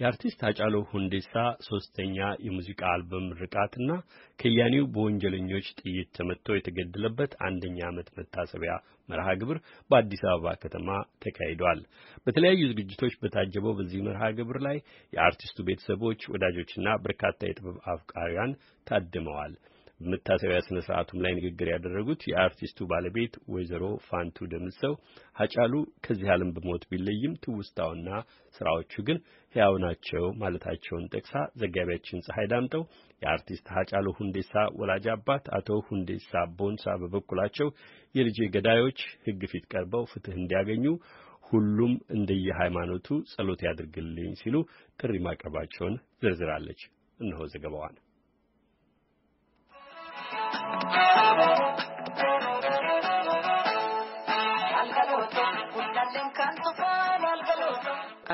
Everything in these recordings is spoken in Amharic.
የአርቲስት አጫሎ ሁንዴሳ ሶስተኛ የሙዚቃ አልበም ርቃትና ከያኔው በወንጀለኞች ጥይት ተመትቶ የተገደለበት አንደኛ ዓመት መታሰቢያ መርሃ ግብር በአዲስ አበባ ከተማ ተካሂዷል። በተለያዩ ዝግጅቶች በታጀበው በዚህ መርሃ ግብር ላይ የአርቲስቱ ቤተሰቦች፣ ወዳጆችና በርካታ የጥበብ አፍቃሪያን ታድመዋል። በመታሰቢያ ስነ ስርዓቱም ላይ ንግግር ያደረጉት የአርቲስቱ ባለቤት ወይዘሮ ፋንቱ ደምሰው ሀጫሉ ከዚህ ዓለም በሞት ቢለይም ትውስታውና ስራዎቹ ግን ሕያው ናቸው ማለታቸውን ጠቅሳ ዘጋቢያችን ፀሐይ ዳምጠው የአርቲስት ሀጫሉ ሁንዴሳ ወላጅ አባት አቶ ሁንዴሳ ቦንሳ በበኩላቸው የልጄ ገዳዮች ሕግ ፊት ቀርበው ፍትህ እንዲያገኙ ሁሉም እንደየሃይማኖቱ ጸሎት ያድርግልኝ ሲሉ ጥሪ ማቅረባቸውን ዝርዝራለች። እነሆ ዘገባዋን።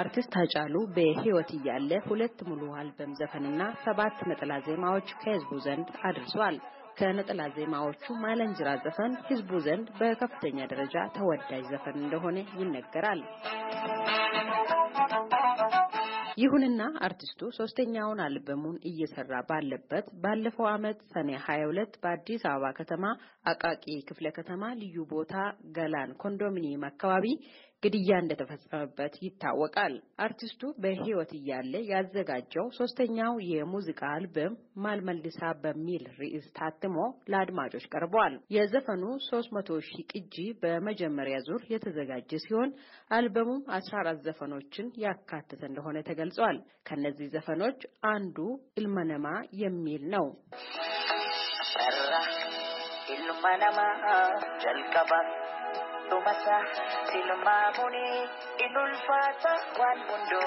አርቲስት አጫሉ በህይወት እያለ ሁለት ሙሉ አልበም ዘፈንና ሰባት ነጠላ ዜማዎች ከሕዝቡ ዘንድ አድርሷል። ከነጠላ ዜማዎቹ ማለንጅራ ዘፈን ሕዝቡ ዘንድ በከፍተኛ ደረጃ ተወዳጅ ዘፈን እንደሆነ ይነገራል። ይሁንና አርቲስቱ ሶስተኛውን አልበሙን እየሰራ ባለበት ባለፈው ዓመት ሰኔ 22 በአዲስ አበባ ከተማ አቃቂ ክፍለ ከተማ ልዩ ቦታ ገላን ኮንዶሚኒየም አካባቢ ግድያ እንደተፈጸመበት ይታወቃል። አርቲስቱ በሕይወት እያለ ያዘጋጀው ሶስተኛው የሙዚቃ አልበም ማልመልሳ በሚል ርዕስ ታትሞ ለአድማጮች ቀርቧል። የዘፈኑ 300 ሺህ ቅጂ በመጀመሪያ ዙር የተዘጋጀ ሲሆን አልበሙም 14 ዘፈኖችን ያካተተ እንደሆነ ተገልጿል። ከነዚህ ዘፈኖች አንዱ ኢልመነማ የሚል ነው። Ilumanama Jalkabak Tumasah Silumamuni Idul Fatah Wan Mundo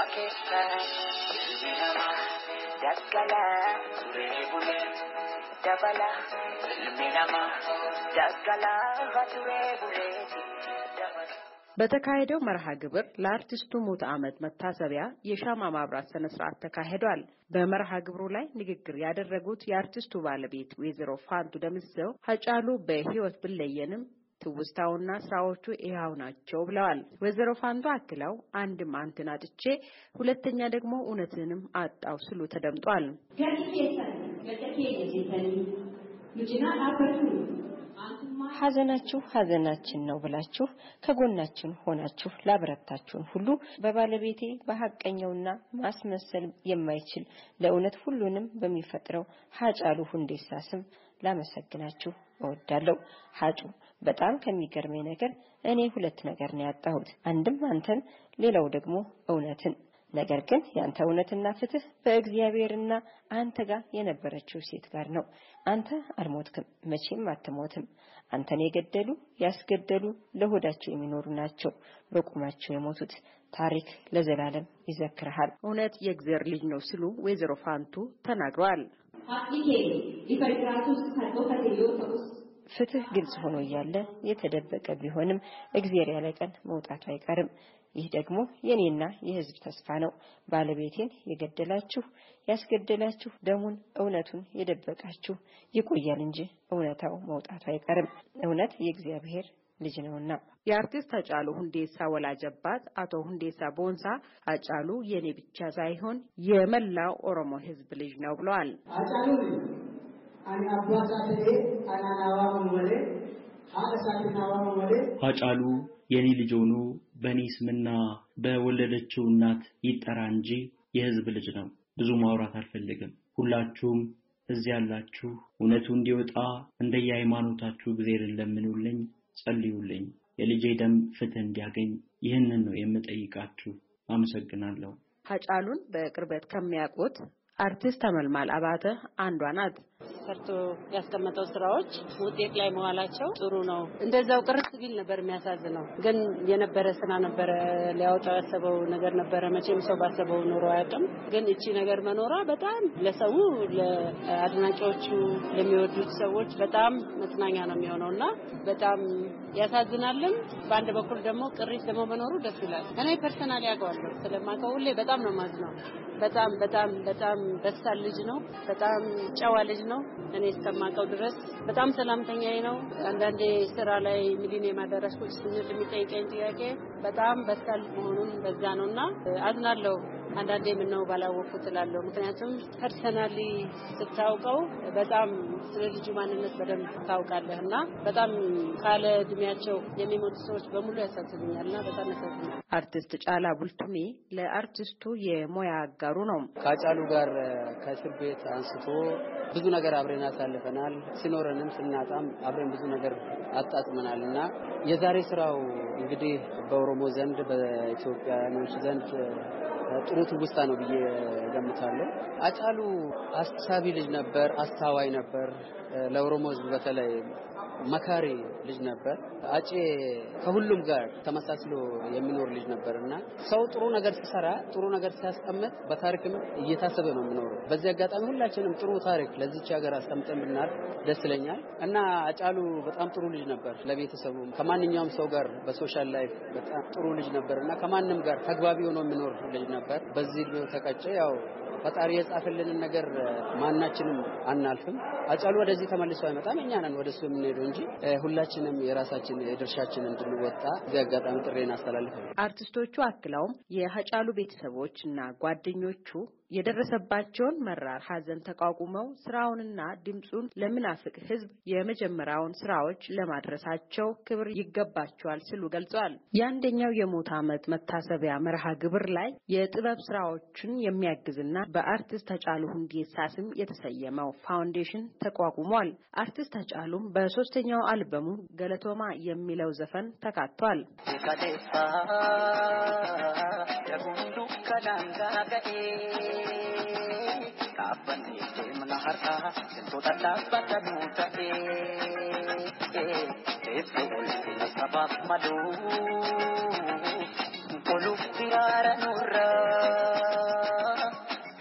Makita Ilminama Dakala Rebule Dabala Ilminama Dakala Vatrebule Ilminama በተካሄደው መርሃ ግብር ለአርቲስቱ ሙት ዓመት መታሰቢያ የሻማ ማብራት ሥነ ሥርዓት ተካሂዷል። በመርሃ ግብሩ ላይ ንግግር ያደረጉት የአርቲስቱ ባለቤት ወይዘሮ ፋንቱ ደምሰው ሀጫሉ በሕይወት ብለየንም ትውስታውና ስራዎቹ ይኸው ናቸው ብለዋል። ወይዘሮ ፋንቱ አክለው አንድም አንትን አጥቼ ሁለተኛ ደግሞ እውነትንም አጣው ስሉ ተደምጧል። ሐዘናችሁ ሐዘናችን ነው ብላችሁ ከጎናችን ሆናችሁ ላብረታችሁን ሁሉ በባለቤቴ በሐቀኛውና ማስመሰል የማይችል ለእውነት ሁሉንም በሚፈጥረው ሀጫሉ ሁንዴሳ ስም ላመሰግናችሁ እወዳለሁ። ሀጩ በጣም ከሚገርመኝ ነገር እኔ ሁለት ነገር ነው ያጣሁት። አንድም አንተን፣ ሌላው ደግሞ እውነትን ነገር ግን ያንተ እውነትና ፍትህ በእግዚአብሔርና አንተ ጋር የነበረችው ሴት ጋር ነው። አንተ አልሞትክም፣ መቼም አትሞትም። አንተን የገደሉ ያስገደሉ ለሆዳቸው የሚኖሩ ናቸው በቁማቸው የሞቱት። ታሪክ ለዘላለም ይዘክርሃል። እውነት የእግዚአብሔር ልጅ ነው ሲሉ ወይዘሮ ፋንቱ ተናግረዋል። ፍትህ ግልጽ ሆኖ እያለ የተደበቀ ቢሆንም እግዚአብሔር ያለ ቀን መውጣቱ አይቀርም። ይህ ደግሞ የኔና የህዝብ ተስፋ ነው። ባለቤቴን የገደላችሁ ያስገደላችሁ፣ ደሙን እውነቱን የደበቃችሁ ይቆያል እንጂ እውነታው መውጣቱ አይቀርም። እውነት የእግዚአብሔር ልጅ ነውና የአርቲስት አጫሉ ሁንዴሳ ወላጅ አባት አቶ ሁንዴሳ ቦንሳ አጫሉ የኔ ብቻ ሳይሆን የመላው ኦሮሞ ህዝብ ልጅ ነው ብለዋል። አጫሉ አጫሉ የኔ ልጅ ሆኖ በእኔ ስምና በወለደችው እናት ይጠራ እንጂ የህዝብ ልጅ ነው። ብዙ ማውራት አልፈልግም። ሁላችሁም እዚህ ያላችሁ እውነቱ እንዲወጣ እንደየሃይማኖታችሁ እግዚአብሔርን ለምኑልኝ፣ ጸልዩልኝ። የልጄ ደም ፍትህ እንዲያገኝ ይህንን ነው የምጠይቃችሁ። አመሰግናለሁ። ሀጫሉን በቅርበት ከሚያውቁት አርቲስት ተመልማል አባተ አንዷ ናት። ሰርቶ ያስቀመጠው ስራዎች ውጤት ላይ መዋላቸው ጥሩ ነው። እንደዛው ቅርስ ቢል ነበር የሚያሳዝነው፣ ግን የነበረ ስና ነበረ። ሊያወጣው ያሰበው ነገር ነበረ። መቼም ሰው ባሰበው ኑሮ አያውቅም። ግን እቺ ነገር መኖሯ በጣም ለሰው ለአድናቂዎቹ፣ ለሚወዱት ሰዎች በጣም መጽናኛ ነው የሚሆነው እና በጣም ያሳዝናልም። በአንድ በኩል ደግሞ ቅሪት ደግሞ መኖሩ ደስ ይላል። እኔ ፐርሰናል ያውቀዋለሁ ስለማውቀው ሁሌ በጣም ነው ማዝነው። በጣም በጣም በጣም በሳል ልጅ ነው። በጣም ጨዋ ልጅ ነው። ነው። እኔ እስከማውቀው ድረስ በጣም ሰላምተኛ ነው። አንዳንዴ ስራ ላይ ሚሊን የማደረስ ስንል የሚጠይቀኝ ጥያቄ በጣም በሳል መሆኑን በዛ ነው እና አዝናለሁ። አንዳንዴ የምነው ባላወቁ ትላለሁ። ምክንያቱም ፐርሰናሊ ስታውቀው በጣም ስለ ልጁ ማንነት በደንብ ታውቃለህ እና በጣም ካለ እድሜያቸው የሚሞቱ ሰዎች በሙሉ ያሳዝኑኛል እና በጣም ያሳዝናል። አርቲስት ጫላ ቡልቱሜ ለአርቲስቱ የሙያ አጋሩ ነው። ከጫሉ ጋር ከእስር ቤት አንስቶ ብዙ ነገር አብረን አሳልፈናል። ሲኖረንም ስናጣም አብረን ብዙ ነገር አጣጥመናል እና የዛሬ ስራው እንግዲህ በኦሮሞ ዘንድ በኢትዮጵያውያኖች ዘንድ ጥሩ ትውስታ ነው ብዬ ገምታለሁ። አጫሉ አሳቢ ልጅ ነበር፣ አስተዋይ ነበር። ለኦሮሞ ሕዝብ በተለይ መካሪ ልጅ ነበር። አጬ ከሁሉም ጋር ተመሳስሎ የሚኖር ልጅ ነበር እና ሰው ጥሩ ነገር ሲሰራ፣ ጥሩ ነገር ሲያስቀምጥ በታሪክም እየታሰበ ነው የሚኖረው። በዚህ አጋጣሚ ሁላችንም ጥሩ ታሪክ ለዚች ሀገር አስቀምጠን ብናል ደስ ይለኛል እና አጫሉ በጣም ጥሩ ልጅ ነበር። ለቤተሰቡም ከማንኛውም ሰው ጋር በሶሻል ላይፍ በጣም ጥሩ ልጅ ነበር እና ከማንም ጋር ተግባቢ ሆኖ የሚኖር ልጅ ነበር። በዚህ ተቀጨ ያው ፈጣሪ የጻፈልንን ነገር ማናችንም አናልፍም። አጫሉ ወደዚህ ተመልሶ አይመጣም። እኛ ነን ወደሱ የምንሄደው እንጂ ሁላችንም የራሳችን የድርሻችን እንድንወጣ እዚህ አጋጣሚ ጥሬን አስተላልፈ አርቲስቶቹ አክለውም የሀጫሉ ቤተሰቦች እና ጓደኞቹ የደረሰባቸውን መራር ሐዘን ተቋቁመው ስራውንና ድምፁን ለምናፍቅ ሕዝብ የመጀመሪያውን ስራዎች ለማድረሳቸው ክብር ይገባቸዋል ሲሉ ገልጸዋል። የአንደኛው የሞት ዓመት መታሰቢያ መርሃ ግብር ላይ የጥበብ ስራዎችን የሚያግዝና በአርቲስት ተጫሉ ሁንዴሳ ስም የተሰየመው ፋውንዴሽን ተቋቁሟል። አርቲስት ተጫሉም በሶስተኛው አልበሙ ገለቶማ የሚለው ዘፈን ተካቷል። Kanaangaa ገኤ dhaabbanni iftee mana harkaa gantoota dhaabbatanuu ta'ee teessee olfina sabaaf maduu qoluuf firaara nurraa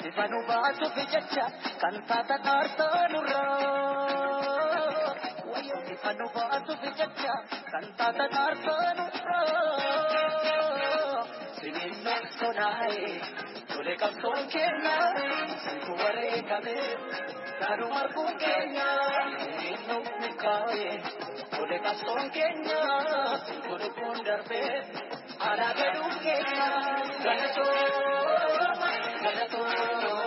bifa nu baasuuf jecha kan taatan aarsaa nurraa wayyoo bifa nu baasuuf jecha kan taatan aarsaa nurraa. Sibiilli sodaa'ee tole qabsoon keenyaa siku wareegame naannoo marguun keenyaa eenyuun milkaa'ee tole qabsoon keenyaa siku lubbuun darbee alaa gaduun keenyaa galatooma galatooma.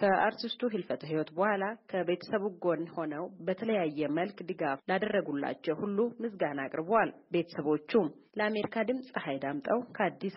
ከአርቲስቱ ህልፈተ ህይወት በኋላ ከቤተሰቡ ጎን ሆነው በተለያየ መልክ ድጋፍ ላደረጉላቸው ሁሉ ምስጋና አቅርበዋል። ቤተሰቦቹም ለአሜሪካ ድምፅ ፀሐይ ዳምጠው ከአዲስ